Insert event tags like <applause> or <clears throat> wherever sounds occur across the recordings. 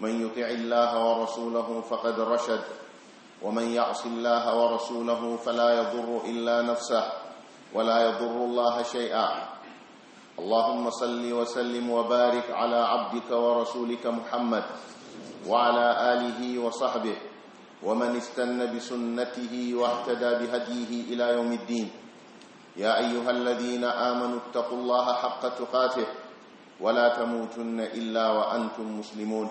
من يطع الله ورسوله فقد رشد ومن يعص الله ورسوله فلا يضر إلا نفسه ولا يضر الله شيئا اللهم صل وسلم وبارك على عبدك ورسولك محمد وعلى آله وصحبه ومن استنى بسنته واهتدى بهديه إلى يوم الدين يا أيها الذين آمنوا اتقوا الله حق تقاته ولا تموتن إلا وأنتم مسلمون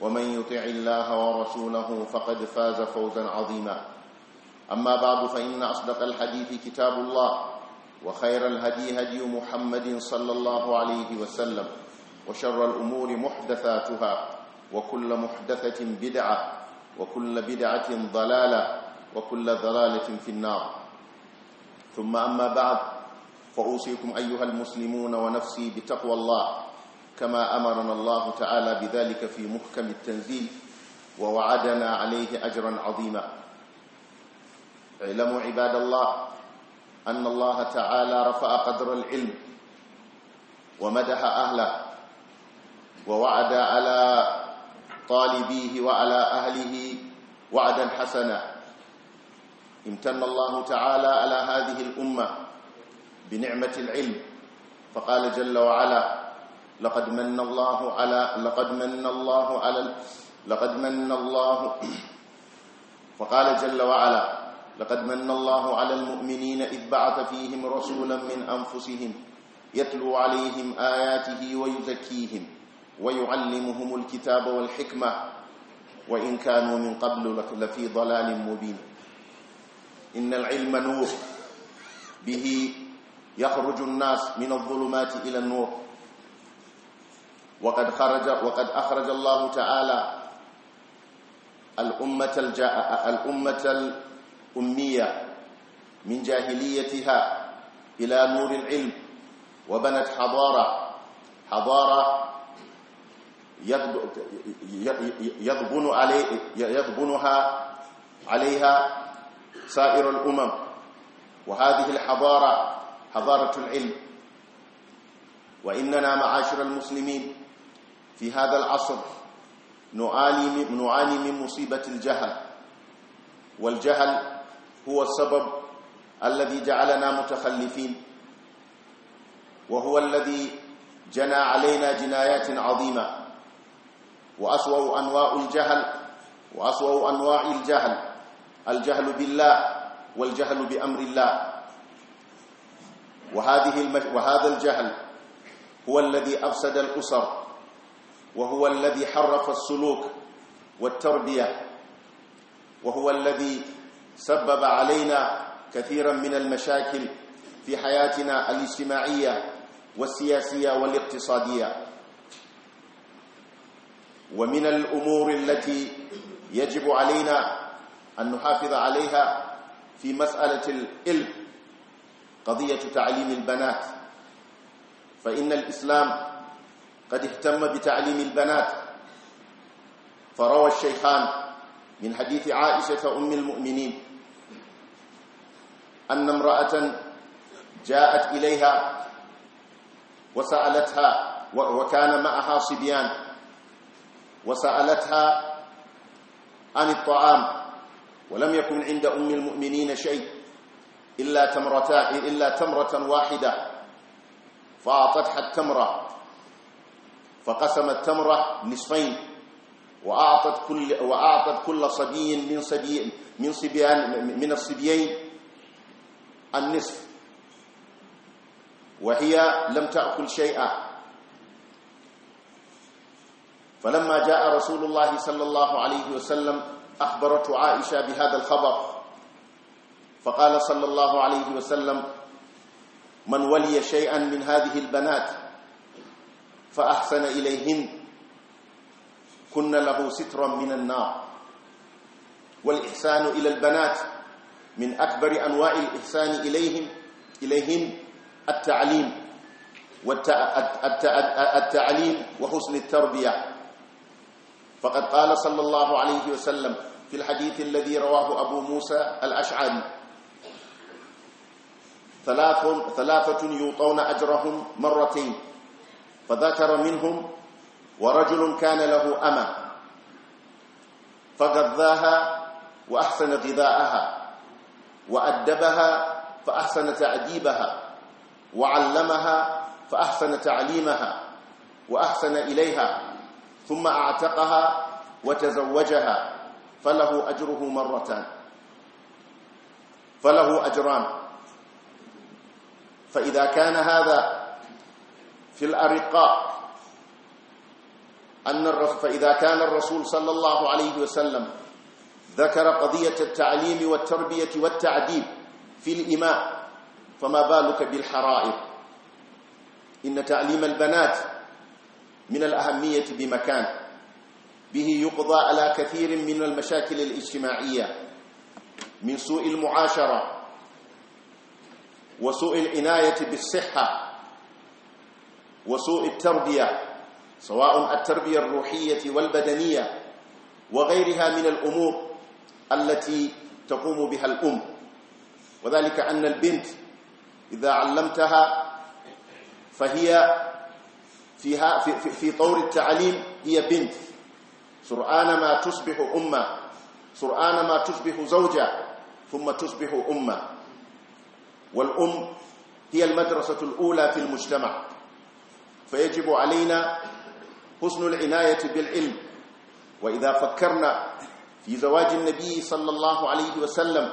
ومن يطع الله ورسوله فقد فاز فوزا عظيما أما بعد فإن أصدق الحديث كتاب الله وخير الهدي هدي محمد صلى الله عليه وسلم وشر الأمور محدثاتها وكل محدثة بدعة وكل بدعة ضلالة وكل ضلالة في النار ثم أما بعد فأوصيكم أيها المسلمون ونفسي بتقوى الله كما أمرنا الله تعالى بذلك في محكم التنزيل ووعدنا عليه أجرا عظيما اعلموا عباد الله أن الله تعالى رفع قدر العلم ومدح أهله ووعد على طالبيه وعلى أهله وعدا حسنا امتن الله تعالى على هذه الأمة بنعمة العلم فقال جل وعلا لقد من الله على لقد من الله على لقد من الله <clears throat> فقال جل وعلا لقد من الله على المؤمنين إذ بعث فيهم رسولا من أنفسهم يتلو عليهم آياته ويزكيهم ويعلمهم الكتاب والحكمة وإن كانوا من قبل لفي ضلال مبين إن العلم نور به يخرج الناس من الظلمات إلى النور وقد خرج وقد أخرج الله تعالى الأمة الجاء الأمة الأمية من جاهليتها إلى نور العلم وبنت حضارة حضارة يضبن علي يضبنها عليها سائر الأمم وهذه الحضارة حضارة العلم وإننا معاشر المسلمين في هذا العصر نعاني من, نعاني من مصيبة الجهل والجهل هو السبب الذي جعلنا متخلفين وهو الذي جنى علينا جنايات عظيمة وأسوأ أنواع الجهل وأسوأ أنواع الجهل الجهل بالله والجهل بأمر الله وهذه وهذا الجهل هو الذي أفسد الأسر وهو الذي حرف السلوك والتربية وهو الذي سبب علينا كثيرا من المشاكل في حياتنا الاجتماعية والسياسية والاقتصادية ومن الأمور التي يجب علينا أن نحافظ عليها في مسألة العلم قضية تعليم البنات فإن الإسلام قد اهتم بتعليم البنات فروى الشيخان من حديث عائشة أم المؤمنين أن امرأة جاءت إليها وسألتها وكان معها صبيان وسألتها عن الطعام ولم يكن عند أم المؤمنين شيء إلا تمرة, إلا تمرة واحدة فأعطتها التمرة فقسم التمرة نصفين وأعطت كل, وأعطت كل صبي من, صبي من, صبيان من الصبيين النصف وهي لم تأكل شيئا فلما جاء رسول الله صلى الله عليه وسلم أخبرته عائشة بهذا الخبر فقال صلى الله عليه وسلم من ولي شيئا من هذه البنات فأحسن إليهن كن له سترا من النار والإحسان إلى البنات من أكبر أنواع الإحسان إليهم إليهن التعليم التعليم وحسن التربية فقد قال صلى الله عليه وسلم في الحديث الذي رواه أبو موسى الأشعري ثلاث ثلاثة يوطون أجرهم مرتين فذكر منهم ورجل كان له أما فغذاها وأحسن غذاءها وأدبها فأحسن تعذيبها وعلمها فأحسن تعليمها وأحسن إليها ثم أعتقها وتزوجها فله أجره مرتان فله أجران فإذا كان هذا في الأرقاء أن فإذا كان الرسول صلى الله عليه وسلم ذكر قضية التعليم والتربية والتعديل في الإماء فما بالك بالحرائر إن تعليم البنات من الأهمية بمكان به يقضى على كثير من المشاكل الاجتماعية من سوء المعاشرة وسوء العناية بالصحة وسوء التربية سواء التربية الروحية والبدنية وغيرها من الأمور التي تقوم بها الأم وذلك أن البنت إذا علمتها فهي فيها في, في, في طور التعليم هي بنت سرعان ما تصبح أمة سرعان ما تصبح زوجة ثم تصبح أمة والأم هي المدرسة الأولى في المجتمع فيجب علينا حسن العناية بالعلم وإذا فكرنا في زواج النبي صلى الله عليه وسلم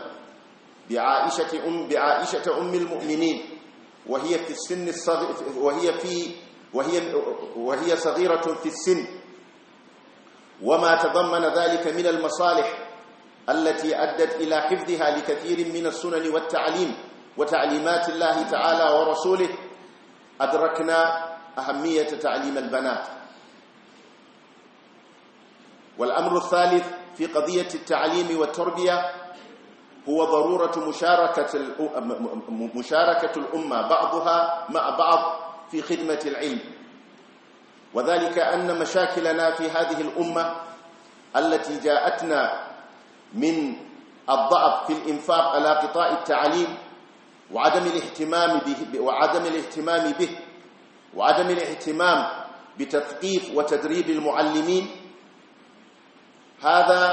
بعائشة أم, بعائشة أم المؤمنين وهي في السن الصغير وهي في وهي وهي صغيرة في السن وما تضمن ذلك من المصالح التي أدت إلى حفظها لكثير من السنن والتعليم وتعليمات الله تعالى ورسوله أدركنا أهمية تعليم البنات والأمر الثالث في قضية التعليم والتربية هو ضرورة مشاركة مشاركة الأمة بعضها مع بعض في خدمة العلم وذلك أن مشاكلنا في هذه الأمة التي جاءتنا من الضعف في الإنفاق على قطاع التعليم وعدم الاهتمام به وعدم الاهتمام به وعدم الاهتمام بتثقيف وتدريب المعلمين هذا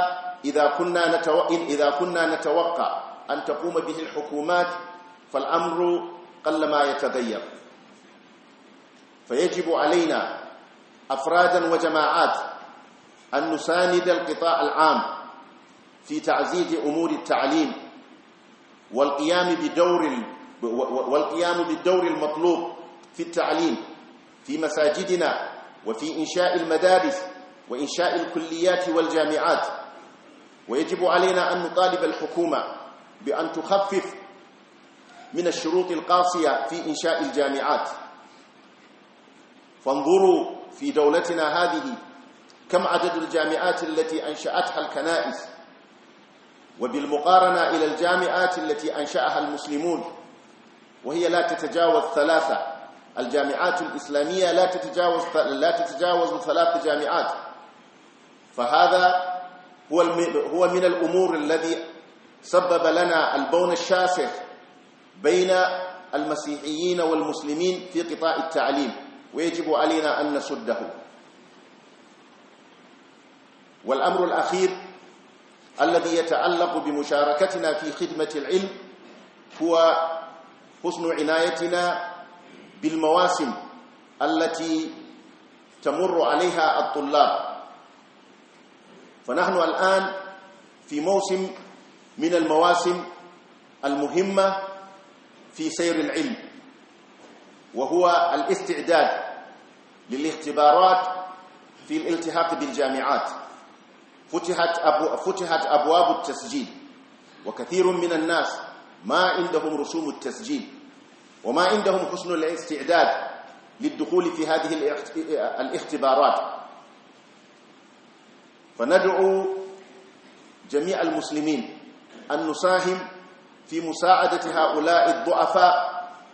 إذا كنا, نتو... إذا كنا نتوقع أن تقوم به الحكومات فالأمر قلما يتغير فيجب علينا أفرادا وجماعات أن نساند القطاع العام في تعزيز أمور التعليم والقيام بدور والقيام بالدور المطلوب في التعليم في مساجدنا وفي إنشاء المدارس وإنشاء الكليات والجامعات ويجب علينا أن نطالب الحكومة بأن تخفف من الشروط القاسية في إنشاء الجامعات فانظروا في دولتنا هذه كم عدد الجامعات التي أنشأتها الكنائس وبالمقارنة إلى الجامعات التي أنشأها المسلمون وهي لا تتجاوز ثلاثة الجامعات الإسلامية لا تتجاوز لا تتجاوز ثلاث جامعات فهذا هو هو من الأمور الذي سبب لنا البون الشاسع بين المسيحيين والمسلمين في قطاع التعليم ويجب علينا أن نسده والأمر الأخير الذي يتعلق بمشاركتنا في خدمة العلم هو حسن عنايتنا بالمواسم التي تمر عليها الطلاب فنحن الآن في موسم من المواسم المهمة في سير العلم وهو الاستعداد للاختبارات في الالتحاق بالجامعات فتحت, أبو فتحت أبواب التسجيل وكثير من الناس ما عندهم رسوم التسجيل وما عندهم حسن الاستعداد للدخول في هذه الاختبارات فندعو جميع المسلمين أن نساهم في مساعدة هؤلاء الضعفاء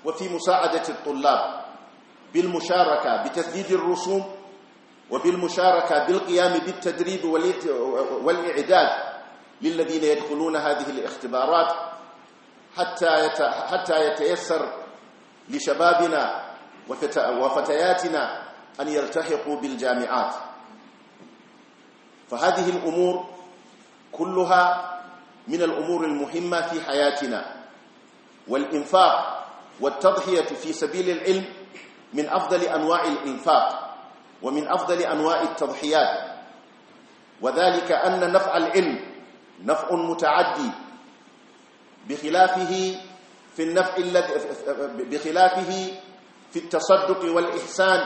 وفي مساعدة الطلاب بالمشاركة بتسديد الرسوم وبالمشاركة بالقيام بالتدريب والإعداد للذين يدخلون هذه الاختبارات حتى حتى يتيسر لشبابنا وفتياتنا أن يلتحقوا بالجامعات فهذه الأمور كلها من الأمور المهمة في حياتنا والإنفاق والتضحية في سبيل العلم من أفضل أنواع الإنفاق ومن أفضل أنواع التضحيات وذلك أن نفع العلم نفع متعدي بخلافه في النفع بخلافه في التصدق والإحسان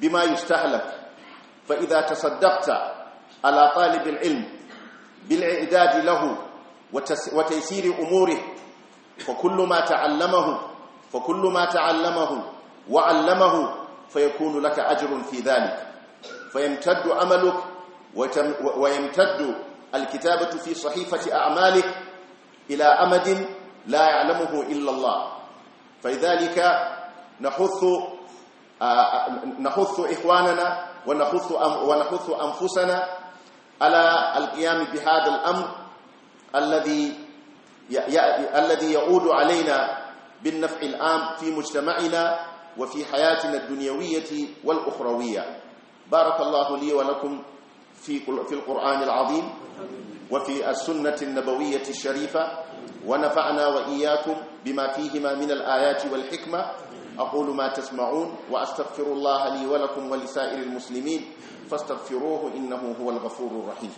بما يستهلك فإذا تصدقت على طالب العلم بالإعداد له وتيسير أموره فكل ما تعلمه فكل ما تعلمه وعلمه فيكون لك أجر في ذلك فيمتد عملك ويمتد الكتابة في صحيفة أعمالك إلى أمد لا يعلمه إلا الله فلذلك نحث آه، نحث إخواننا ونحث ونحث أنفسنا على القيام بهذا الأمر الذي الذي يعود علينا بالنفع العام في مجتمعنا وفي حياتنا الدنيوية والأخروية بارك الله لي ولكم في في القرآن العظيم وفي السنة النبوية الشريفة ونفعنا وإياكم بما فيهما من الآيات والحكمة أقول ما تسمعون وأستغفر الله لي ولكم ولسائر المسلمين فاستغفروه إنه هو الغفور الرحيم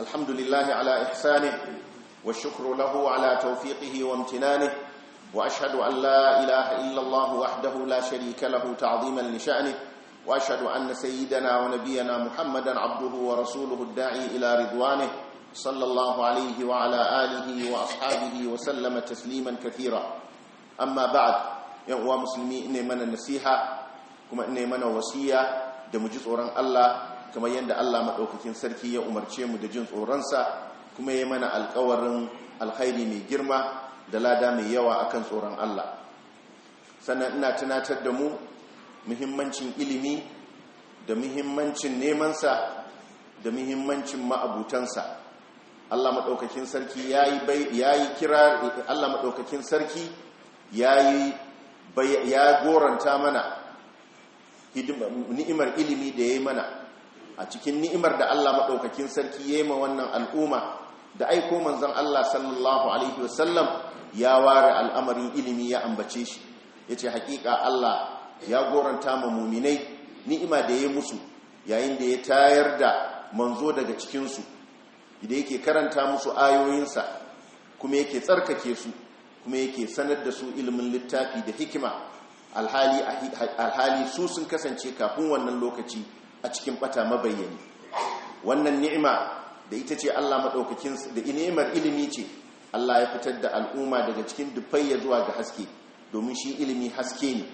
الحمد لله على إحسانه والشكر له على توفيقه وامتنانه وأشهد أن لا إله إلا الله وحده لا شريك له تعظيما لشأنه وأشهد أن سيدنا ونبينا محمدا عبده ورسوله الداعي إلى رضوانه صلى الله عليه وعلى آله وأصحابه وسلم تسليما كثيرا أما بعد يقوى مسلمي إني من النسيحة كما إني من وسيا دمجز أوران الله كما يند الله مدوككين سركي يأمر شيم دجنز أورانسا كما يمن القورن الخير من جرمه da lada mai yawa akan tsoron Allah sannan ina tunatar da mu muhimmancin ilimi da muhimmancin nemansa da muhimmancin ma'abutansa Allah maɗaukakin sarki ya yi kira Allah maɗaukakin sarki ya goranta mana ni'imar ilimi da ya yi mana a cikin ni'imar da Allah maɗaukakin sarki ya yi ma wannan al'umma da aiko manzan Allah sallallahu Alaihi wasallam ya ware al'amarin ilimi ya ambace shi ya ce hakika Allah ya goranta ma muminai ni'ima da ya musu yayin da ya tayar da manzo daga cikinsu da yake karanta musu ayoyinsa kuma yake tsarkake su kuma yake sanar da su ilimin littafi da hikima alhali su sun kasance kafin wannan lokaci a cikin bata mabayyani wannan ni'ima da ita ce Allah maɗaukakin da ni'imar ilimi ce Allah ya fitar da al'umma daga cikin dufai ya zuwa ga haske domin shi ilimi haske ne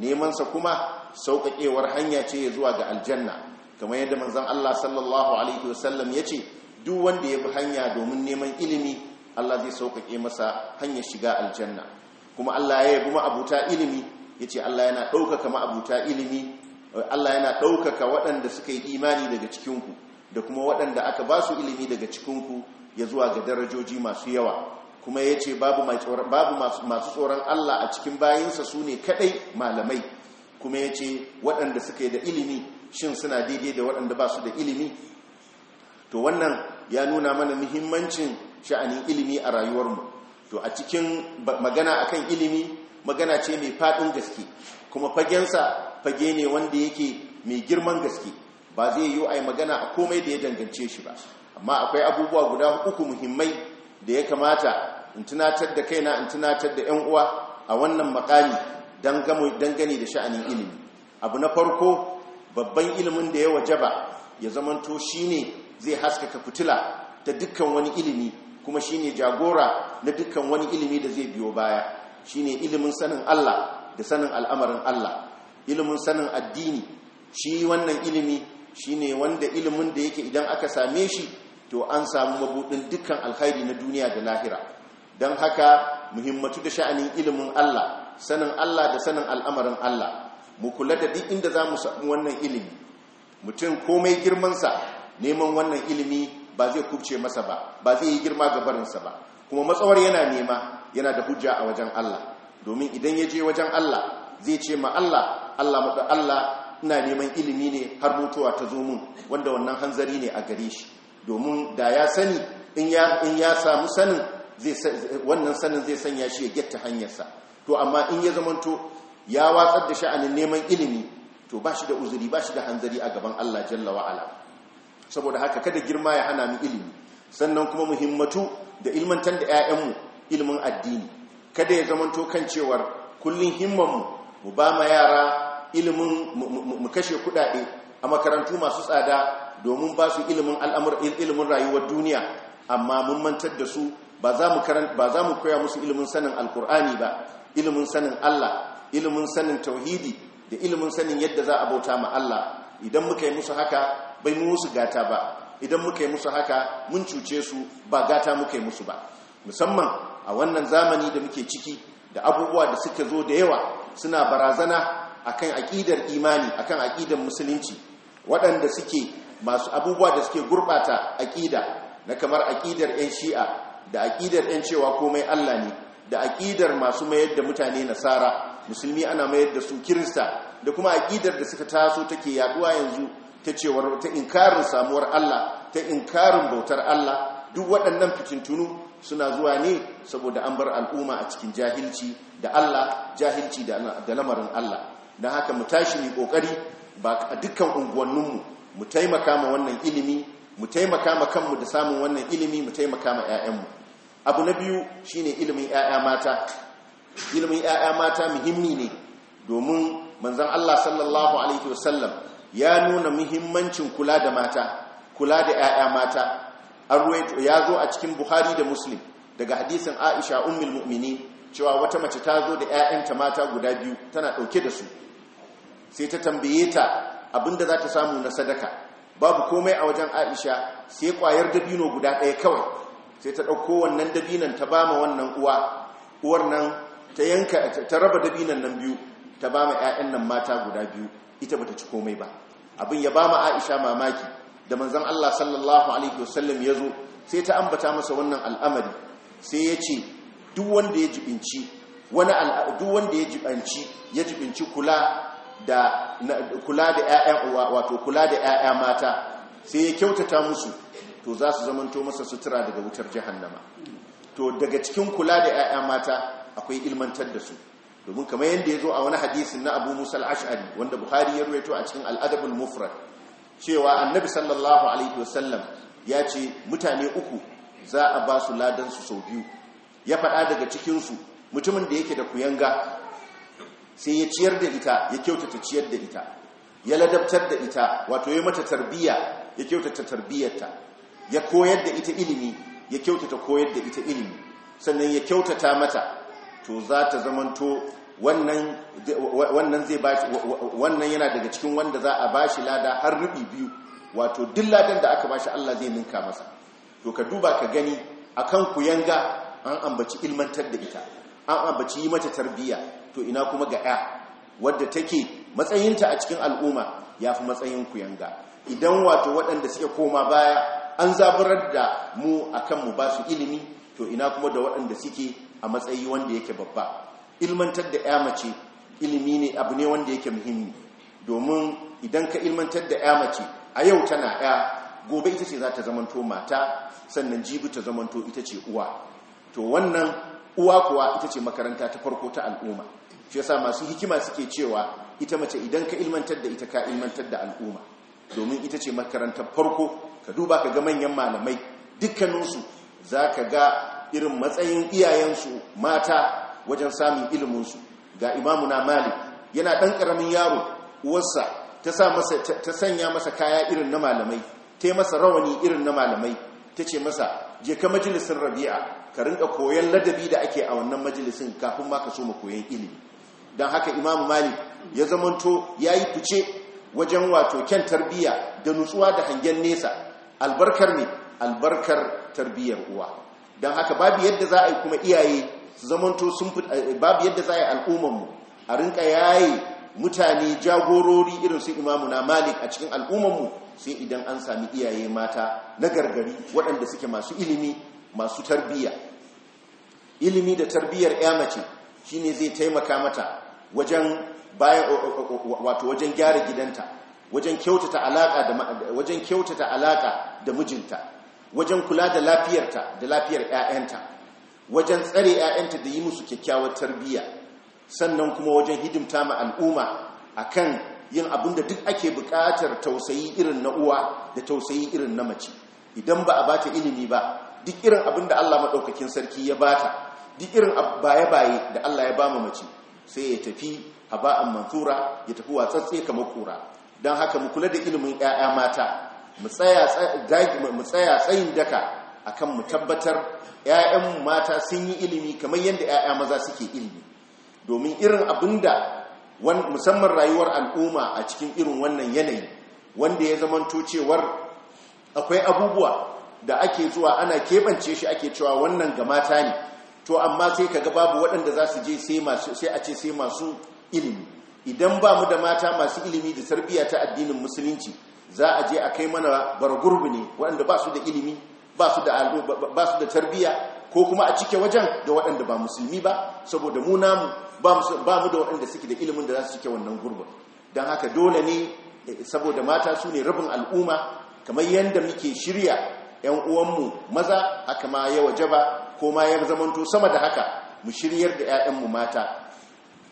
nemansa kuma sauƙaƙewar hanya ce ya zuwa ga aljanna kamar yadda manzon Allah sallallahu alaihi wasallam ya ce duk wanda ya bi hanya domin neman ilimi Allah zai sauƙaƙe masa hanyar shiga aljanna kuma Allah ya yabi ma'abuta ilimi ya ce Allah yana ɗaukaka ma'abuta ilimi Allah yana ɗaukaka waɗanda suka yi imani daga cikinku da kuma waɗanda aka ba su ilimi daga cikinku ya zuwa ga darajoji masu yawa kuma ya ce babu masu tsoron Allah a cikin bayansa su ne kaɗai malamai kuma ya ce waɗanda yi da ilimi shin suna daidai da waɗanda ba su da ilimi to wannan ya nuna mana muhimmancin sha'anin ilimi a rayuwarmu to a cikin magana akan ilimi magana ce mai faɗin gaske kuma fagensa fage ne wanda yake mai girman gaske ba zai yi magana a komai da ya dangance shi ba amma akwai abubuwa guda uku muhimmai da ya kamata in tunatar da kaina in tunatar da yan uwa a wannan makami dangane da sha'anin ilimi abu na farko babban ilimin da ya wajaba ya zamanto shine zai haskaka fitila ta dukkan wani ilimi kuma shine jagora na dukkan wani ilimi da zai biyo baya shine ilimin sanin Allah da sanin al'amarin Allah ilimin sanin addini shi wannan ilimi shine wanda ilimin da yake idan aka same shi to an samu mabudin dukkan alkhairi na duniya da lahira don haka muhimmatu da sha'anin ilimin Allah sanin Allah da sanin al'amarin Allah mu kula da duk inda za mu samu wannan ilimi mutum komai girmansa neman wannan ilimi ba zai kubce masa ba ba zai yi girma ga barinsa ba kuma matsawar yana nema yana da hujja a wajen Allah domin idan ya je wajen Allah zai ce ma Allah Allah maɗa Allah ina neman ilimi ne har mutuwa ta zo mun wanda wannan hanzari ne a gare shi domin da ya sani in ya samu sanin wannan sanin zai sanya shi ya getta hanyarsa to amma in ya zamanto ya watsar da sha'anin neman ilimi to ba shi da uzuri ba shi da hanzari a gaban Allah jalla wa'ala saboda haka kada girma ya hana mu ilimi sannan kuma muhimmatu da ilmantar da 'ya'yanmu ilimin addini kada ya zamanto kan cewar kullum himmanmu mu ba ma yara ilimin mu kashe kudade a makarantu masu tsada domin ba su ilimin al'amur rayuwar duniya amma mun mantar da su ba za mu koya musu ilimin sanin alkur'ani ba ilimin sanin Allah ilimin sanin tauhidi da ilimin sanin yadda za a bauta ma Allah idan muka yi musu haka bai mu musu gata ba idan muka yi musu haka mun cuce su ba gata muka yi musu ba musamman a wannan zamani da muke ciki da abubuwa da suka zo da yawa suna barazana akan aƙidar imani akan aƙidar musulunci waɗanda suke masu abubuwa da suke gurbata aƙida na kamar aƙidar 'yan shi'a da aƙidar 'yan cewa komai Allah ne da aƙidar masu mayar da mutane nasara musulmi ana mayar da su kirista da kuma aƙidar da suka taso take yaduwa yanzu ta cewar ta inkarin samuwar Allah ta inkarin bautar Allah duk waɗannan fitintunu suna zuwa ne saboda an bar al'umma a cikin jahilci da Allah jahilci da lamarin Allah don haka mu tashi ne ƙoƙari ba a dukkan unguwanninmu mu taimaka ma wannan ilimi mu taimaka ma kanmu da samun wannan ilimi mu taimaka ma 'ya'yanmu abu na biyu shine ilimin 'ya'ya mata ilimin 'ya'ya mata muhimmi ne domin manzon Allah sallallahu alaihi wasallam ya nuna muhimmancin kula da mata kula da 'ya'ya mata ya zo a cikin buhari da muslim daga hadisin aisha ummul mu'mini cewa wata mace ta zo da 'ya'yanta mata guda biyu tana ɗauke da su sai ta tambaye ta abinda za ta samu na sadaka babu komai a wajen aisha sai kwayar dabino guda ɗaya kawai sai ta ɗauko wannan dabinan ta ba ma wannan uwa uwar nan ta yanka ta raba dabinan nan biyu ta ba ma 'ya'yan nan mata guda biyu ita bata ci komai ba abin ya ba ma aisha mamaki da manzon allah sallallahu alaihi wasallam ya zo sai ta ambata masa wannan al'amari sai ya ce duk wanda ya jibinci wani duk wanda ya jibinci ya jibinci kula da kula da ƴaƴan wato kula da ƴaƴa mata sai ya kyautata musu to za su zamanto masa sutura daga wutar jahannama to daga cikin kula da ƴaƴa mata akwai ilmantar da su domin kamar yadda ya zo a wani hadisi na abu musa al-Ash'ari wanda buhari ya ruwaito a cikin al'adabul mufrad cewa annabi sallallahu alaihi wasallam ya ce mutane uku za a ba su Ladan su sau biyu ya faɗa daga cikin su mutumin da yake da kuyanga sai ya ciyar da ita ya kyautata ciyar da ita ya ladabtar da ita wato ya mata tarbiya ya kyautata tarbiyarta ya koyar da ita ilimi ya kyautata koyar da ita ilimi sannan ya kyautata mata to za ta zamanto wannan yana daga cikin wanda za a bashi lada har rubi biyu wato duk ladan da aka bashi Allah zai ninka masa to ka duba ka gani akan ku yanga an ambaci ilmantar da ita an ambaci yi mata tarbiyya to ina kuma ga ya wadda take matsayinta a cikin al'umma ya fi matsayin kuyanga idan wato waɗanda suke koma baya an zaburar da mu akan mu ba su ilimi to ina kuma da waɗanda suke a matsayi wanda yake babba ilmantar da ya mace ilimi ne abu ne wanda yake muhimmi domin idan ka ilmantar da ya mace a yau tana ya gobe ita ce za ta zamanto mata sannan jibi ta zamanto ita ce uwa to wannan uwa kuwa ita ce makaranta ta farko ta al'umma shi yasa masu hikima suke cewa ita mace idan ka ilmantar da ita ka ilmantar da al'umma domin ita ce makarantar farko ka duba ka ga manyan malamai dukkaninsu za ka ga irin matsayin iyayensu mata wajen samun iliminsu ga imamuna malik yana ɗan ƙaramin yaro uwarsa ta sanya masa kaya irin na malamai ta masa rawani irin na malamai ta ce masa je ka majalisin rabi'a ka rinka koyon ladabi da ake a wannan majalisin kafin ma ka so ma koyon ilimi don haka imamu malik ya zamanto ya yi fice wajen wato kyan tarbiyya da nutsuwa da hangen nesa albarkar ne albarkar tarbiyyar uwa don haka babu yadda za a yi kuma iyaye su zamanto sun eh, babu yadda za a yi al'ummanmu a rinka yaye mutane jagorori irin su imamu na malik a cikin al'ummanmu sai idan an sami iyaye mata na gargari waɗanda suke masu ilimi masu tarbiyya ilimi da tarbiyyar ya mace shine zai taimaka mata wajen bayan wato wajen gyara gidanta wajen kyautata alaka da wajen kyautata alaka da mijinta wajen kula da lafiyarta da lafiyar ƴaƴanta wajen tsare ƴaƴanta da yi musu kyakkyawar tarbiyya sannan kuma wajen hidimta ma al'umma akan yin abin da duk ake buƙatar tausayi irin na uwa da tausayi irin na mace idan ba a bata ilimi ba duk irin abin da Allah maɗaukakin sarki ya bata duk irin baye-baye da Allah ya bama mace sai ya tafi a ba'an mantura ya tafi watsatse kamar kura don haka mu kula da ilimin 'ya'ya mata mu tsaya tsayin daka akan mu tabbatar 'ya'yan mata sun yi ilimi kamar yadda 'ya'ya maza suke ilimi domin irin abinda musamman rayuwar al'umma a cikin irin wannan yanayi wanda ya zama cewar akwai abubuwa da ake zuwa ana keɓance shi ake cewa wannan ga mata ne to amma sai ka kaga babu waɗanda za su je sai masu sai a ce sai masu ilimi idan ba mu da mata masu ilimi da tarbiyya ta addinin musulunci za a je a kai mana bargurbi ne waɗanda ba su da ilimi ba su da ba su da tarbiyya ko kuma a cike wajen da waɗanda ba musulmi ba saboda mu namu ba mu da waɗanda suke da ilimin da za su cike wannan gurbin don haka dole ne eh, saboda mata su ne rabin al'umma kamar yadda muke shirya 'yan uwanmu maza haka ma ya waje ba ko ma ya zamanto sama da haka mu shiryar da 'ya'yanmu mata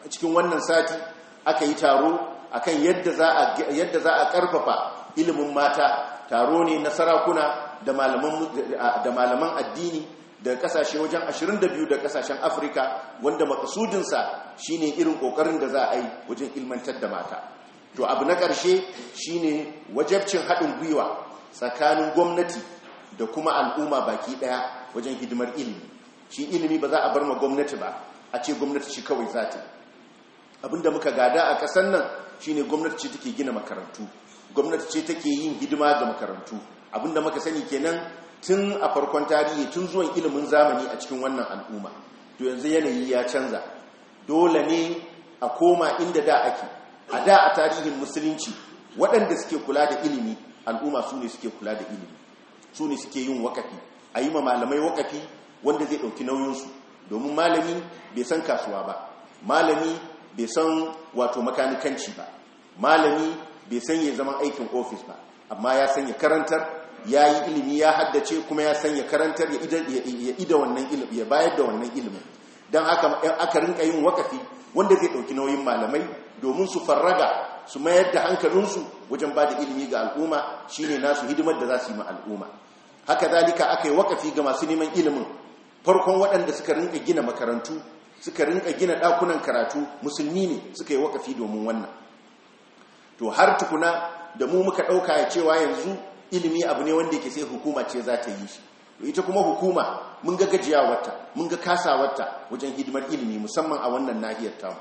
a cikin wannan sati aka yi taro akan yadda za a karfafa ilimin mata taro ne na sarakuna da malaman addini da kasashe wajen 22 da kasashen afirka wanda makasudinsa shine irin kokarin da za a yi wajen ilmantar da mata to abu na ƙarshe shine wajabcin haɗin gwiwa tsakanin gwamnati da kuma al'umma baki daya wajen hidimar ilimi shi ilimi ba za a bar ma gwamnati ba a ce gwamnati shi kawai za ta abinda muka gada a kasan nan shine gwamnati ce take gina makarantu gwamnati ce take yin hidima ga makarantu abinda muka sani kenan tun a farkon tarihi tun zuwan ilimin zamani a cikin wannan al'umma to yanzu yanayi ya canza dole ne a koma inda da ake a da a tarihin musulunci waɗanda suke kula da ilimi al'umma su ne suke kula da ilimi su ne suke yin wakafi a yi ma malamai wakafi wanda zai ɗauki nauyinsu domin malami bai san kasuwa ba malami bai san wato makanikanci ba malami bai san ya zama aikin ofis ba amma ya san ya karantar ya yi ilimi ya haddace kuma ya san ya karantar ya ida wannan ilimi ya bayar da wannan ilimin don aka rinka yin wakafi wanda zai ɗauki nauyin malamai domin su farraga su mayar da hankalinsu wajen ba da ilimi ga al'umma shine nasu hidimar da za su yi ma al'umma haka zalika aka yi wakafi ga masu neman ilimin farkon waɗanda suka rinka gina makarantu suka rinka gina ɗakunan karatu musulmi ne suka yi wakafi domin wannan to har tukuna da mu muka ɗauka ya cewa yanzu ilimi abu ne wanda yake sai hukuma ce za ta yi shi To ita kuma hukuma mun ga gajiya wata mun ga kasawarta wajen hidimar ilimi musamman a wannan nahiyar tamu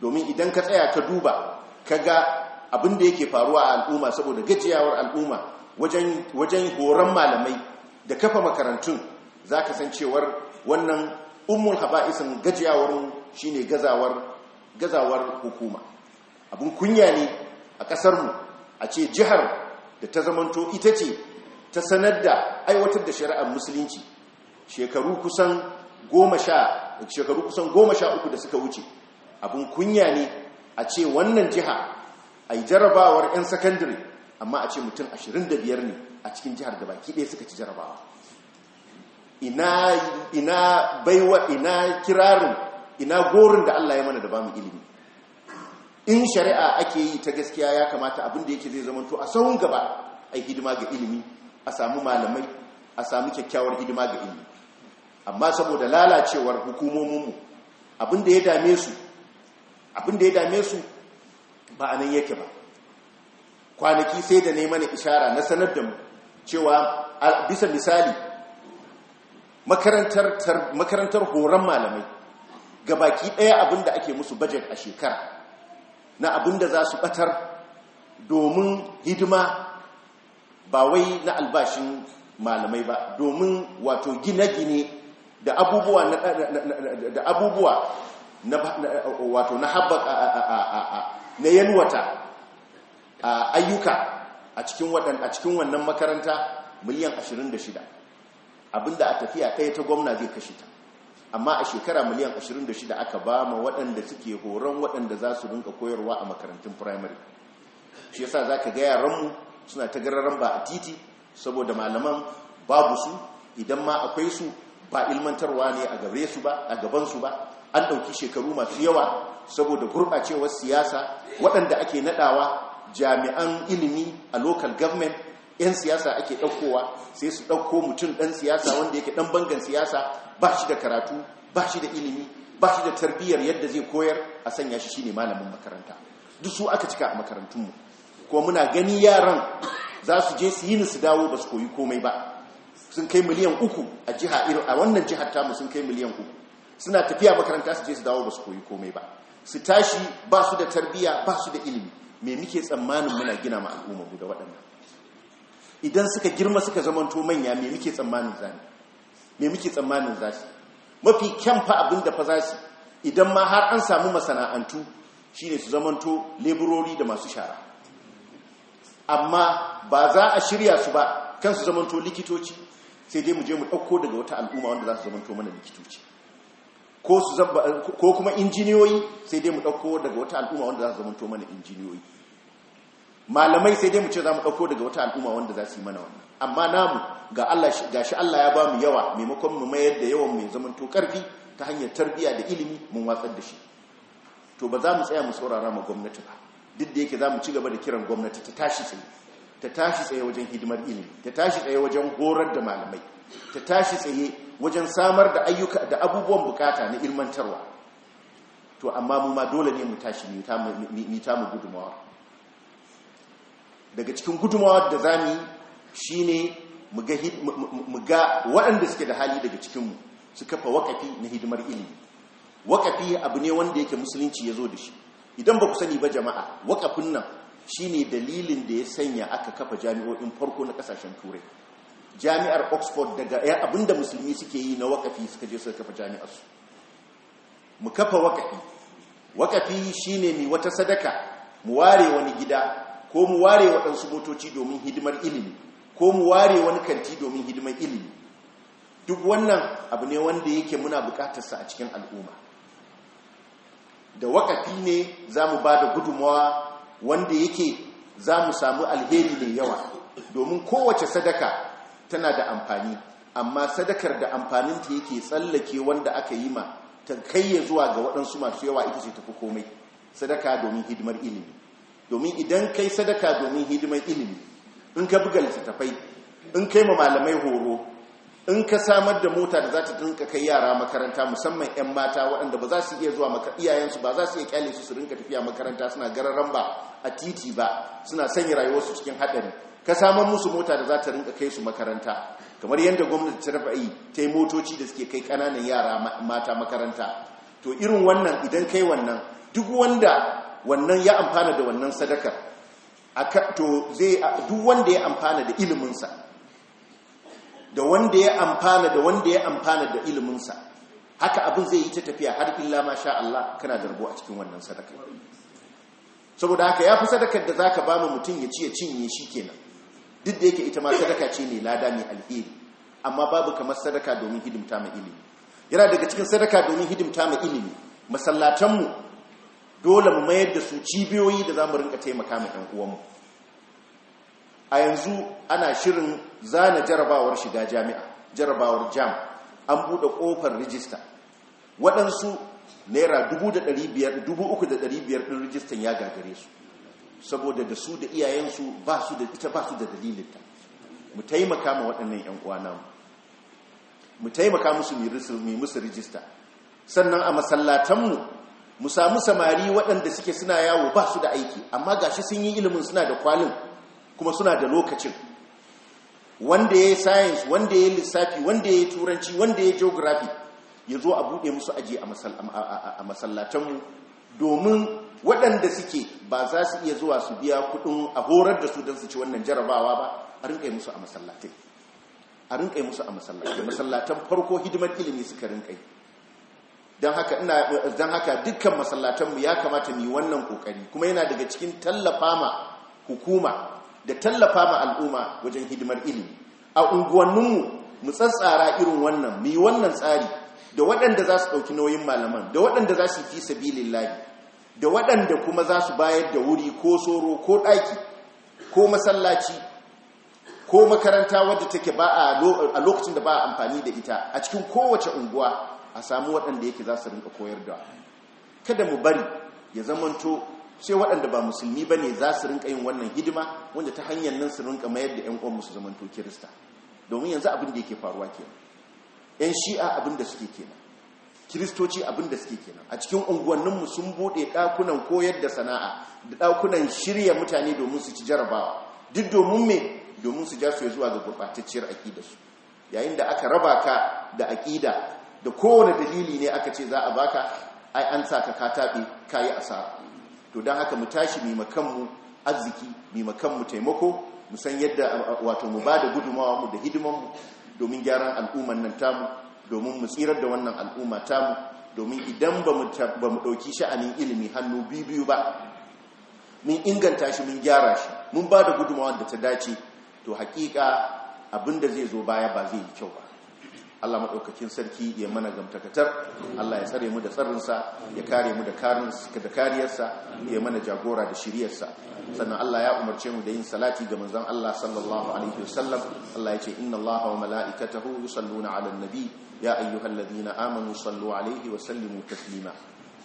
domin idan ka tsaya ka duba ka ga abin da yake faruwa a al'umma saboda gajiyawar al'umma wajen horon malamai da kafa makarantun za ka san cewar wannan umul haba'isin gajiyawar shine gazawar gazawar hukuma abin kunya ne a ƙasarmu a ce jihar da ta zamanto ita ce ta sanar da aiwatar da shari'ar musulunci shekaru kusan goma sha uku da suka wuce abin kunya ne a ce wannan jiha a yi jarabawar 'yan sakandare amma a ce mutum 25 ne a cikin jihar da baki ɗaya suka ci jarabawa ina ina baiwa ina kirarin ina gorin da Allah ya mana da bamu ilimi in shari'a ake yi ta gaskiya ya kamata abin da yake zai zamanto a sauhun gaba ai hidima ga ilimi a samu malamai a samu kyakkyawar hidima ga ilimi amma saboda lalacewar hukumominmu abin da ya dame su abin da ya dame su ba anan yake ba kwanaki sai da neman ishara na sanar da mu cewa bisa misali makarantar horon malamai ga baki ɗaya abin ake musu bajet a shekara na abin da za su ɓatar domin hidima ba wai na albashin malamai ba domin wato gine-gine da abubuwa wato na na yanwata ayyuka a cikin a cikin wannan makaranta miliyan 26 abinda a tafiya ɗaya ta gwamna zai kashe ta amma a shekara miliyan 26 aka ba ma waɗanda suke horon waɗanda za su rinka koyarwa a makarantun firamare shi yasa za ka ga yaranmu suna ta gararan ba a titi saboda malaman babu su idan ma akwai su ba ilmantarwa ne a su a gabansu ba an ɗauki shekaru masu yawa saboda gurɓacewar siyasa waɗanda ake naɗawa jami'an ilimi a local government 'yan siyasa ake ɗaukowa sai su ɗauko mutum ɗan siyasa wanda yake ɗan bangan siyasa ba shi da karatu ba shi da ilimi ba shi da tarbiyyar yadda zai koyar a sanya shi shine malamin makaranta duk su aka cika a makarantunmu kuma muna gani yaran za su je su yi su dawo ba su koyi komai ba sun kai miliyan uku a jiha a wannan jihar tamu sun kai miliyan uku suna tafiya makaranta su je su dawo basu koyi komai ba su tashi ba su da tarbiya ba su da ilimi me muke tsammanin muna gina ma al'ummar da waɗannan idan suka girma suka zamanto manya me muke tsammanin ne me muke tsammanin su mafi kyan fa abin da fa su idan ma har an samu masana'antu shine su zamanto leburori da masu shara amma ba za a shirya su ba kan su zamanto likitoci sai dai mu je mu ɗauko daga wata al'umma wanda za su zamanto mana likitoci ko su zamba ko kuma injiniyoyi sai dai mu ɗauko daga wata al'umma wanda za su zama to mana injiniyoyi malamai sai dai mu ce za mu dauko daga wata al'umma wanda za su yi mana wannan amma namu ga Allah Allah ya ba mu yawa maimakon mu mayar da yawan mai zaman to karfi ta hanyar tarbiyya da ilimi mun watsar da shi to ba za mu tsaya mu saurara ma gwamnati ba duk da yake za mu ci gaba da kiran gwamnati ta tashi tsaye ta tashi tsaye wajen hidimar ilimi ta tashi tsaye wajen horar da malamai ta tashi tsaye wajen samar da ayyuka da abubuwan bukata na ilmantarwa to amma mu ma dole ne mu tashi mu ta mu gudumawa daga cikin gudumawa da zamu shine mu ga waɗanda suke da hali daga cikinmu su kafa wakafi na hidimar ilimi wakafi abu ne wanda yake musulunci ya zo da shi idan ba ku sani ba jama'a wakafin nan shine dalilin da ya sanya aka kafa jami'o'in farko na ƙasashen turai jami'ar oxford daga ya eh, abinda musulmi suke yi na wakafi suka je suka kafa jami'arsu mu kafa wakafi wakafi shine ne wata sadaka mu ware wani gida ko mu ware waɗansu motoci domin hidimar ilimi ko mu ware wani kanti domin hidimar ilimi duk wannan abu ne wanda yake muna bukatarsa a cikin al'umma da wakafi ne za mu ba da gudunmawa wanda yake za mu samu alheri mai yawa domin kowace sadaka tana da amfani amma sadakar da amfaninta yake tsallake wanda aka yi ma ta kayye zuwa ga waɗansu masu yawa ita ce tafi komai sadaka domin hidimar ilimi domin idan kai sadaka domin hidimar ilimi in ka buga littattafai in kai ma malamai horo in ka samar da mota da za ta dinka kai yara makaranta musamman 'yan mata waɗanda ba za su iya zuwa iyayensu ba za su iya kyale su su rinka tafiya makaranta suna gararan ba a titi ba suna sanya rayuwarsu cikin haɗari ka samar musu mota da za ta rinka kai su makaranta kamar yadda gwamnati ta rafa yi ta yi motoci da suke kai kananan yara mata makaranta to irin wannan idan kai wannan duk wanda wannan ya amfana da wannan sadakar to zai duk wanda ya amfana da iliminsa da wanda ya amfana da wanda ya amfana da iliminsa haka abin zai yi ta tafiya har illa ma sha Allah kana darbo a cikin wannan sadakar saboda haka ya fi sadakar da za ka ba mutum ya ci ya cinye shi kenan duk da yake ita ma sadaka ce ne lada mai alheri amma babu kamar sadaka domin hidimta ma ilimi yana daga cikin sadaka domin hidimta ma ilimi masallatanmu dole mu mayar da su cibiyoyi da za mu rinka taimaka ma 'yan uwanmu a yanzu ana shirin zana jarabawar shiga jami'a jarabawar jam an buɗe ƙofar rijista waɗansu naira 3,500 ɗin rijistan ya gagare su saboda da su da iyayensu ba su da ita ba su da dalilinta mu taimaka ma waɗannan 'yan uwana mu taimaka musu mai musu rijista sannan a masallatanmu mu samu samari waɗanda suke suna yawo ba su da aiki amma gashi sun yi ilimin suna da kwalin kuma suna da lokacin wanda ya yi science wanda ya yi lissafi wanda ya yi turanci wanda ya yi geography ya zo a buɗe musu aji a masallatanmu domin waɗanda suke ba za su iya zuwa su biya kudin a horar da su don su ci wannan jarabawa ba a rinƙai musu a masallatai a rinƙai musu a masallatai masallatan farko hidimar ilimi suka rinƙai don haka dukkan masallatanmu ya kamata mu wannan kokari kuma yana daga cikin tallafa ma hukuma da tallafa ma al'umma wajen hidimar ilimi a unguwanninmu mu tsatsara irin wannan mu wannan tsari da waɗanda za su ɗauki nauyin malaman da waɗanda za su fi sabilin sabilillahi da waɗanda kuma za su bayar da wuri ko soro ko ɗaki ko masallaci ko makaranta wadda take ba a lokacin da ba a amfani da ita a cikin kowace unguwa a samu waɗanda yake za su rinka koyar da kada mu bari ya zamanto sai waɗanda ba musulmi ba ne za su rinka yin wannan hidima wanda ta hanyar nan su rinka mayar da 'yan uwan musu zamanto kirista domin yanzu abin da yake faruwa kenan 'yan shi'a abin da suke kenan kiristoci abinda da suke kenan a cikin unguwanninmu sun bude dakunan koyar da sana'a da dakunan shirya mutane domin su ci jarabawa duk domin me domin su ja su zuwa ga gurbatacciyar akidarsu yayin da aka raba ka da aƙida da kowane dalili ne aka ce za a baka ai an sa ka ka ka yi asara to don haka mu tashi mimakanmu arziki mimakanmu taimako mu san yadda wato mu bada da mu da hidimanmu domin gyaran al'umman nan tamu domin mu tsirar da wannan al'umma tamu domin idan ba mu ɗauki sha'anin ilimi hannu biyu ba mun inganta shi mun gyara shi mun ba da gudunmawa da ta dace to hakika abinda zai zo baya ba zai yi kyau ba Allah maɗaukakin sarki ya mana gamtakatar Allah ya tsare mu da tsarinsa ya kare mu da kariyarsa ya mana jagora da shiryarsa sannan Allah ya umarce mu da yin salati ga manzon Allah sallallahu alaihi wasallam Allah ya ce inna Allah wa mala'ikatahu yusalluna 'alan nabi يا أيها الذين آمنوا صلوا عليه وسلموا تسليما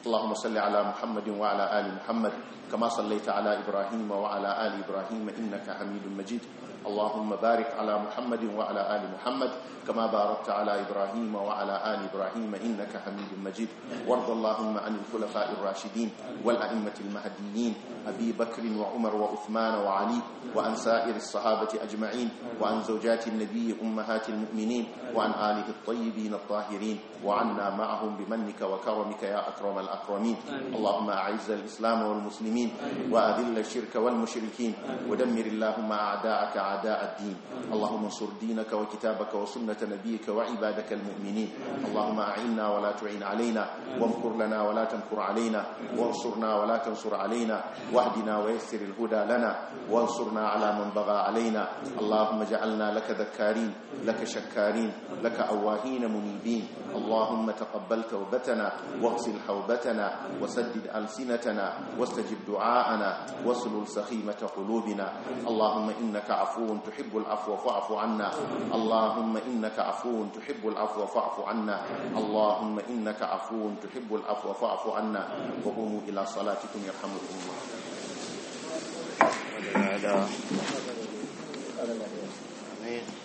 اللهم صل على محمد وعلى آل محمد كما صليت على إبراهيم وعلى آل إبراهيم إنك حميد مجيد اللهم بارك على محمد وعلى آل محمد كما باركت على إبراهيم وعلى آل إبراهيم إنك حميد مجيد وارض اللهم عن الخلفاء الراشدين والأئمة المهديين أبي بكر وعمر وعثمان وعلي وأن سائر الصحابة أجمعين وأن زوجات النبي أمهات المؤمنين وأن آله الطيبين الطاهرين وعنا معهم بمنك وكرمك يا أكرم الأرض الأكرمين اللهم أعز الإسلام والمسلمين وأذل الشرك والمشركين ودمر اللهم أعداءك أعداء الدين اللهم انصر دينك وكتابك وسنة نبيك وعبادك المؤمنين اللهم أعنا ولا تعين علينا وامكر لنا ولا تنكر علينا وانصرنا ولا تنصر علينا واهدنا ويسر الهدى لنا وانصرنا على من بغى علينا اللهم اجعلنا لك ذكارين لك شكارين لك أواهين منيبين اللهم تقبل توبتنا واغسل حوبتنا ألسنتنا وسدد ألسنتنا واستجب دعاءنا واسلل سخيمة قلوبنا اللهم إنك عفو تحب العفو فاعف عنا اللهم إنك عفو تحب العفو فاعف عنا اللهم إنك عفو تحب العفو فاعف عنا وقوموا إلى صلاتكم يرحمكم الله Amen.